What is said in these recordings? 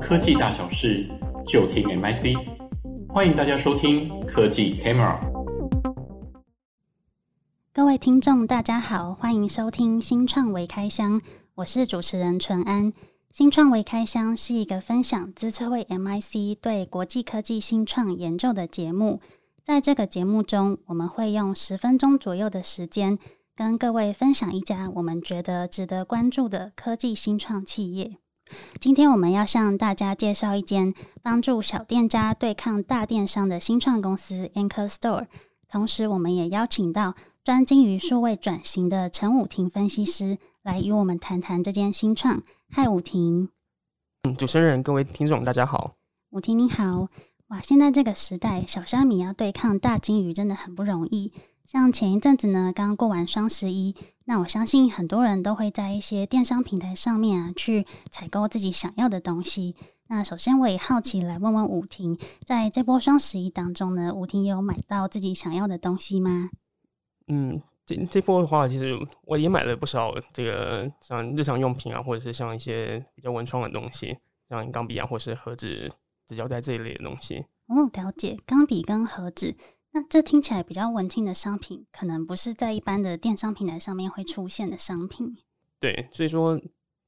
科技大小事就聽 M I C，歡迎大家收聽科技 Camera。各位聽眾，大家好，歡迎收聽新創微開箱，我是主持人淳安。新創微開箱是一個分享資策會 M I C 對國際科技新創研究的節目，在這個節目中，我們會用十分鐘左右的時間，跟各位分享一家我們覺得值得關注的科技新創企業。今天我們要向大家介紹一間幫助小店家對抗大電商的新創公司 Ankorstore。同時，我們也邀請到專精於數位轉型的陳伍廷分析師來與我們談談這間新創。嗨，伍廷。嗯，主持人、各位聽眾，大家好。伍廷，你好。哇，現在這個時代，小蝦米要對抗大鯨魚真的很不容易。像前一陣子呢，剛過完雙十一。那我相信很多人都會在一些電商平台上面啊去採購自己想要的東西。那首先我也好奇來問問伍廷，在這波雙十一當中呢，伍廷也有買到自己想要的東西嗎？嗯，這這波的話，其實我也買了不少這個像日常用品啊，或者是像一些比較文創的東西，像鋼筆啊，或是盒子、紙膠帶這一類的東西。哦，了解，鋼筆跟盒子。那這聽起來比較文青的商品，可能不是在一般的電商平台上面會出現的商品。對，所以說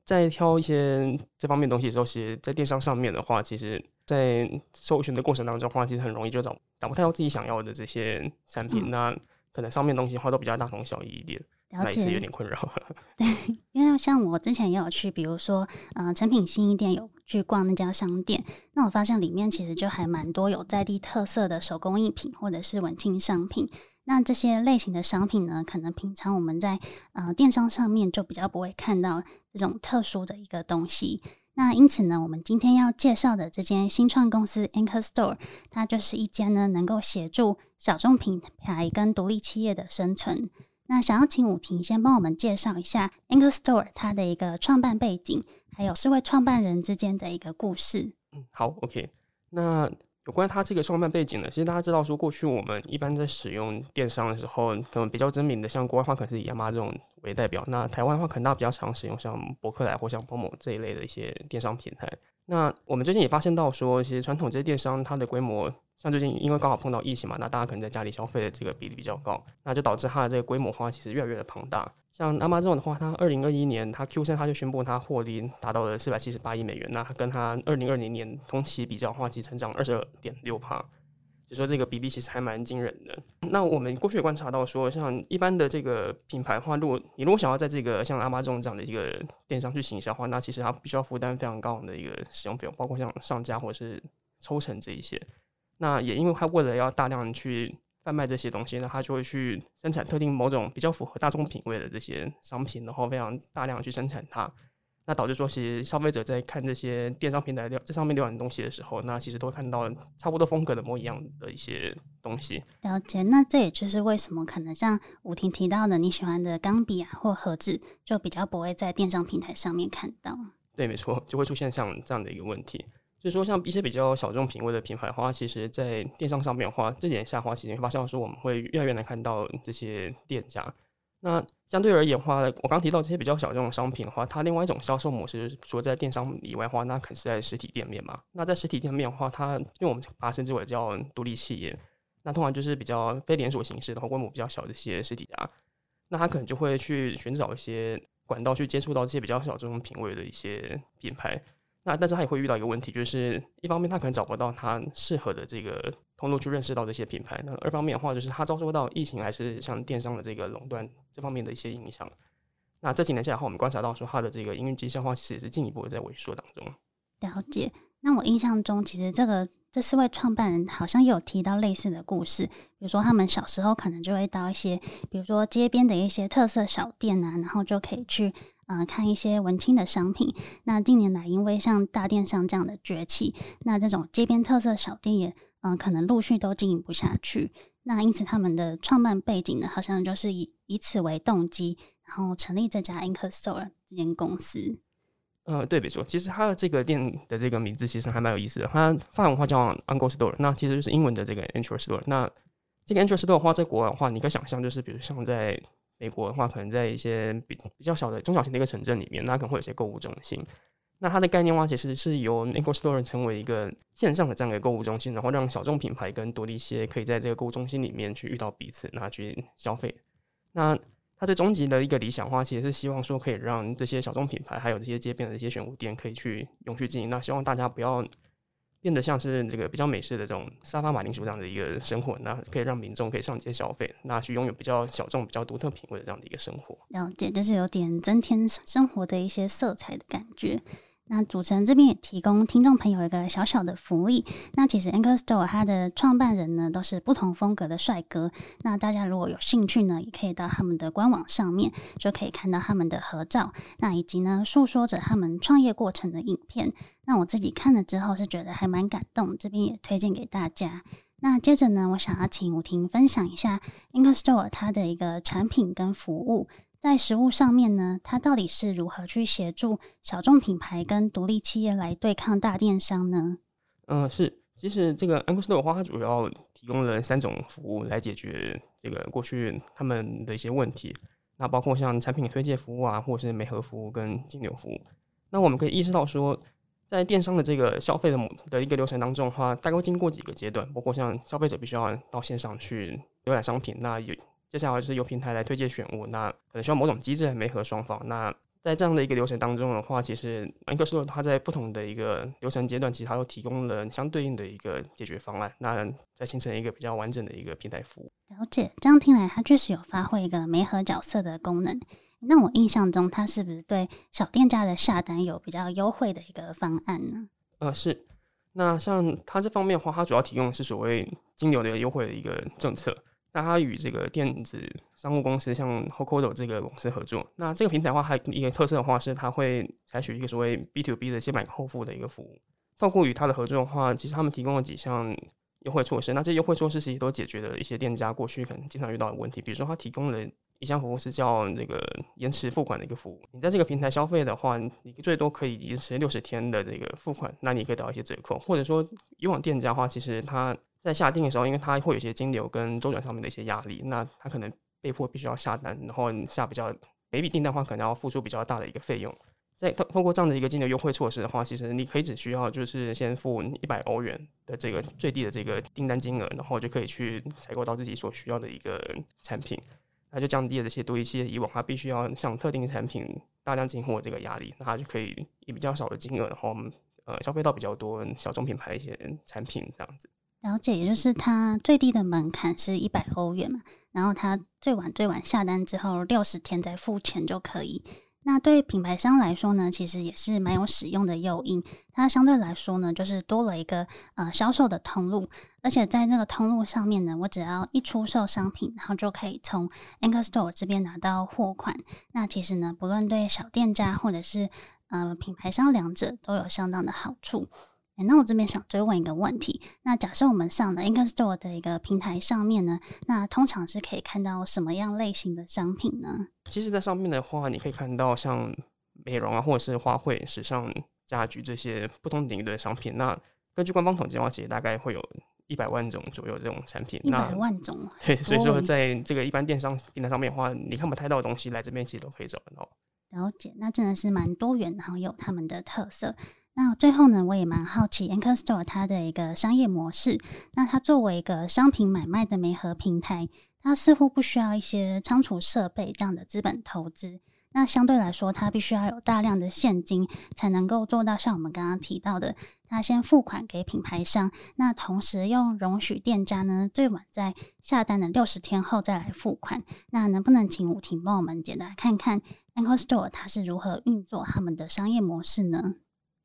在挑一些這方面的東西的時候，其實，在電商上面的話，其實在搜尋的過程當中的話，話其實很容易就找找不太到自己想要的這些產品，啊，那、嗯、可能上面的東西的話都比較大同小異一點，那也是有點困擾。對，因為像我之前也有去，比如說，嗯、呃，誠品信義店有。去逛那家商店，那我發現裡面其實就還蠻多有在地特色的手工藝品或者是文青商品。那這些類型的商品呢，可能平常我們在呃電商上面就比較不會看到這種特殊的一個東西。那因此呢，我們今天要介紹的這間新創公司 Ankorstore，它就是一間呢能夠協助小眾品牌跟獨立企業的生存。那想要請伍廷先幫我們介紹一下 Ankorstore 它的一個創辦背景。還有四位創辦人之間的一個故事。嗯，好，OK。那有關他這個創辦背景呢，其實大家知道，說過去我們一般在使用電商的時候，可能比較知名的，像國外的話，可能是以亞馬遜為代表；那台灣的話，可能大家比較常使用像博客來或像 momo 這一類的一些電商平台。那我們最近也發現到說，說其實傳統這些電商它的規模。像最近因為剛好碰到疫情嘛，那大家可能在家裡消費的這個比例比較高，那就導致它的這個規模化其實越來越的龐大。像 Amazon 這種的話，它二零二一年它 Q 三它就宣布它獲利達到了四百七十八億美元，那它跟它二零二零年同期比較的話，其實成長二十二點六帕，就是說這個比例其實還蠻驚人的。那我們過去也觀察到說，像一般的這個品牌的話，如果你如果想要在這個像 Amazon 這種這樣的一個電商去行銷的話，那其實它必須要負擔非常高昂的一個使用費用，包括像上架或者是抽成這一些。那也因為他為了要大量去販賣這些東西呢，那他就會去生產特定某種比較符合大眾品味的這些商品，然後非常大量去生產它。那導致說，其實消費者在看這些電商平台這上面瀏覽東西的時候，那其實都看到差不多風格的模一樣的一些東西。了解，那這也就是為什麼可能像伍廷提到的，你喜歡的鋼筆啊或盒子，就比較不會在電商平台上面看到。對，沒錯，就會出現像這樣的一個問題。就是說像一些比較小眾品味的品牌的話，其實在電商上面的話，這幾年下滑期間，其實發現說我們會越來越難看到這些店家。那相對而言的話，我剛提到這些比較小眾商品的話，它另外一種銷售模式，除了在電商以外的話，那可能是在實體店面嘛。那在實體店面的話，它因為我們把它稱之為叫獨立企業，那通常就是比較非連鎖形式的，規模比較小的一些實體家。那它可能就會去尋找一些管道去接觸到這些比較小眾品味的一些品牌。那但是他也會遇到一個問題，就是一方面他可能找不到他適合的這個通路去認識到這些品牌，那二方面的話就是他遭受到疫情還是像電商的這個壟斷這方面的一些影響。那這幾年下來我們觀察到說他的這個營運績效的話，其實也是進一步在萎縮當中。了解。那我印象中，其實這個這四位創辦人好像有提到類似的故事，比如說他們小時候可能就會到一些，比如說街邊的一些特色小店啊，然後就可以去。嗯、呃，看一些文青的商品。那近年來，因為像大電商這樣的崛起，那這種街邊特色小店也嗯、呃，可能陸續都經營不下去。那因此，他們的創辦背景呢，好像就是以以此為動機，然後成立這家 Ankorstore 這間公司。呃，對，沒錯。其實它的這個店的這個名字其實還蠻有意思的。它法文化叫 Ankorstore，那其實就是英文的這個 Anchor Store。那這個 Anchor Store 的話，在、這個、國外的話，你可以想象，就是比如像在。美國的話，可能在一些比比較小的中小型的一個城鎮裡面，那可能會有些購物中心。那它的概念挖其實是由美國 s t o r e 成為一個線上的這樣一購物中心，然後讓小眾品牌跟多一些可以在這個購物中心裡面去遇到彼此，那去消費。那它最終極的一個理想化其實是希望說可以讓這些小眾品牌還有這些街邊的一些選物店可以去永續經營。那希望大家不要。變得像是這個比較美式的這種沙發、馬鈴薯這樣的一個生活，那可以讓民眾可以上街消費，那去擁有比較小眾、比較獨特品味的這樣的一個生活，然後這就是有點增添生活的一些色彩的感覺。那主持人這邊也提供聽眾朋友一個小小的福利。那其實 Ankorstore 它的創辦人呢，都是不同風格的帥哥。那大家如果有興趣呢，也可以到他們的官網上面，就可以看到他們的合照，那以及呢，訴說着他們創業過程的影片。那我自己看了之後是覺得還蠻感動，這邊也推薦給大家。那接着呢，我想要請伍廷分享一下 Ankorstore 它的一個產品跟服務。在實務上面呢，它到底是如何去協助小眾品牌跟獨立企業來對抗大電商呢？呃，是，其實這個 Ankorstore 的話，它主要提供了三種服務來解決這個過去他們的一些問題。那包括像產品推介服務啊，或者是媒合服務跟金流服務。那我們可以意識到說，在電商的這個消費的某的一個流程當中的話，大概會經過幾個階段，包括像消費者必須要到線上去瀏覽商品，那有。接下來就是由平台來推薦選物，那可能需要某種機制來媒合雙方。那在這樣的一個流程當中的話，其實應斯洛 Ankorstore 它在不同的一個流程階段，其實它都提供了相對應的一個解決方案。那在形成一個比較完整的一個平台服務。了解，這樣聽來，他確實有發揮一個媒合角色的功能。那我印象中，它是不是對小店家的下單有比較優惠的一個方案呢？呃，是。那像它這方面的話，它主要提供的是所謂金流的一個優惠的一個政策。那它與這個電子商務公司，像 Hokodo 這個公司合作。那這個平台的話，還有一個特色的話是，它會採取一個所謂 B to B 的先買後付的一個服務。包括與它的合作的話，其實他們提供了幾項優惠措施。那這優惠措施其實都解決了一些店家過去可能經常遇到的問題，比如說它提供了一項服務是叫那個延遲付款的一個服務。你在這個平台消費的話，你最多可以延遲六十天的這個付款，那你可以得到一些折扣。或者說，以往店家的話，其實它。在下定的時候，因為它會有一些金流跟周轉上面的一些壓力，那它可能被迫必須要下單，然後下比較，每筆訂單的話，可能要付出比較大的一個費用。在通通過這樣的一個金流優惠措施的話，其實你可以只需要就是先付一百歐元的這個最低的這個訂單金額，然後就可以去採購到自己所需要的一個產品，那就降低了這些對一些以往它必須要向特定產品大量進貨這個壓力，那它就可以以比較少的金額，然後我們呃消費到比較多小眾品牌的一些產品這樣子。了解，也就是它最低的門檻是一百歐元嘛，然後它最晚最晚下單之後六十天再付錢就可以。那對品牌商來說呢，其實也是蠻有使用的誘因。它相對來說呢，就是多了一個呃銷售的通路，而且在這個通路上面呢，我只要一出售商品，然後就可以從 Ankorstore 這邊拿到貨款。那其實呢，不論對小店家或者是嗯、呃、品牌商，兩者都有相當的好處。欸、那我這邊想追問一個問題，那假設我們上了 Ankorstore 的一個平台上面呢，那通常是可以看到什麼樣類型的商品呢？其實，在上面的話，你可以看到像美容啊，或者是花卉、時尚、家居這些不同領域的商品。那根據官方統計的話，其實大概會有一百萬種左右這種產品。一百萬種，對。所以說，在這個一般電商平台上面的話，你看不太到的東西，來這邊其實都可以找得到。了解，那真的是蠻多元，然後有他們的特色。那最後呢，我也蠻好奇 Ankorstore 它的一個商業模式。那它作為一個商品買賣的媒合平台，它似乎不需要一些倉儲設備這樣的資本投資。那相對來說，它必須要有大量的現金才能夠做到像我們剛剛提到的，它先付款給品牌商，那同時又容許店家呢，最晚在下單的六十天後再來付款。那能不能請伍廷幫我們簡單看看 Ankorstore 它是如何運作他們的商業模式呢？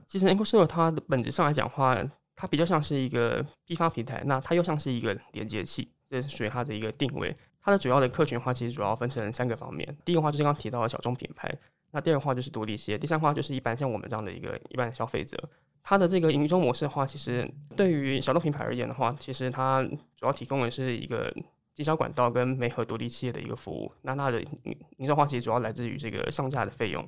其實 Ankorstore 它的本質上來講的話，它比較像是一個批發平台，那它又像是一個連接器，這是屬於它的一個定位。它的主要的客群的話，其實主要分成三個方面。第一個話就是剛剛提到的小眾品牌，那第二個話就是獨立企業，第三話就是一般像我們這樣的一個一般消費者。它的這個營收模式的話，其實對於小眾品牌而言的話，其實它主要提供的是一個經銷管道跟媒合獨立企業的一個服務。那它的營營銷話，其實主要來自於這個上架的費用。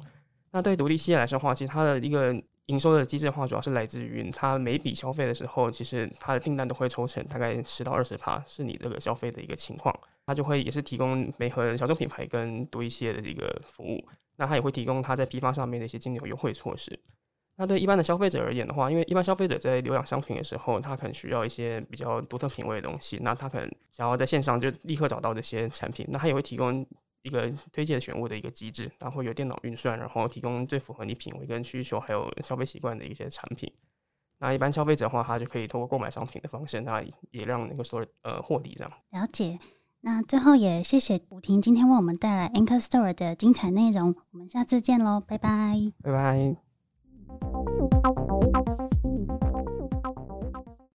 那對獨立企業來說的話，其實它的一個營收的機制的話，主要是來自於它每筆消費的時候，其實它的訂單都會抽成，大概十到二十趴是你這個消費的一個情況，它就會也是提供媒合小眾品牌跟多一些的一個服務，那它也會提供它在批發上面的一些金流優惠措施。那對一般的消費者而言的話，因為一般消費者在瀏覽商品的時候，他可能需要一些比較獨特品味的東西，那他可能想要在線上就立刻找到這些產品，那它也會提供。一個推薦選物的一個機制，然後由電腦運算，然後提供最符合你品味跟需求，還有消費習慣的一些產品。那一般消費者的話，他就可以通過購買商品的方式，那也讓那個 store 呃獲利這樣。了解，那最後也謝謝伍廷今天為我們帶來 Ankorstore 的精彩內容，我們下次見嘍，拜拜，拜拜。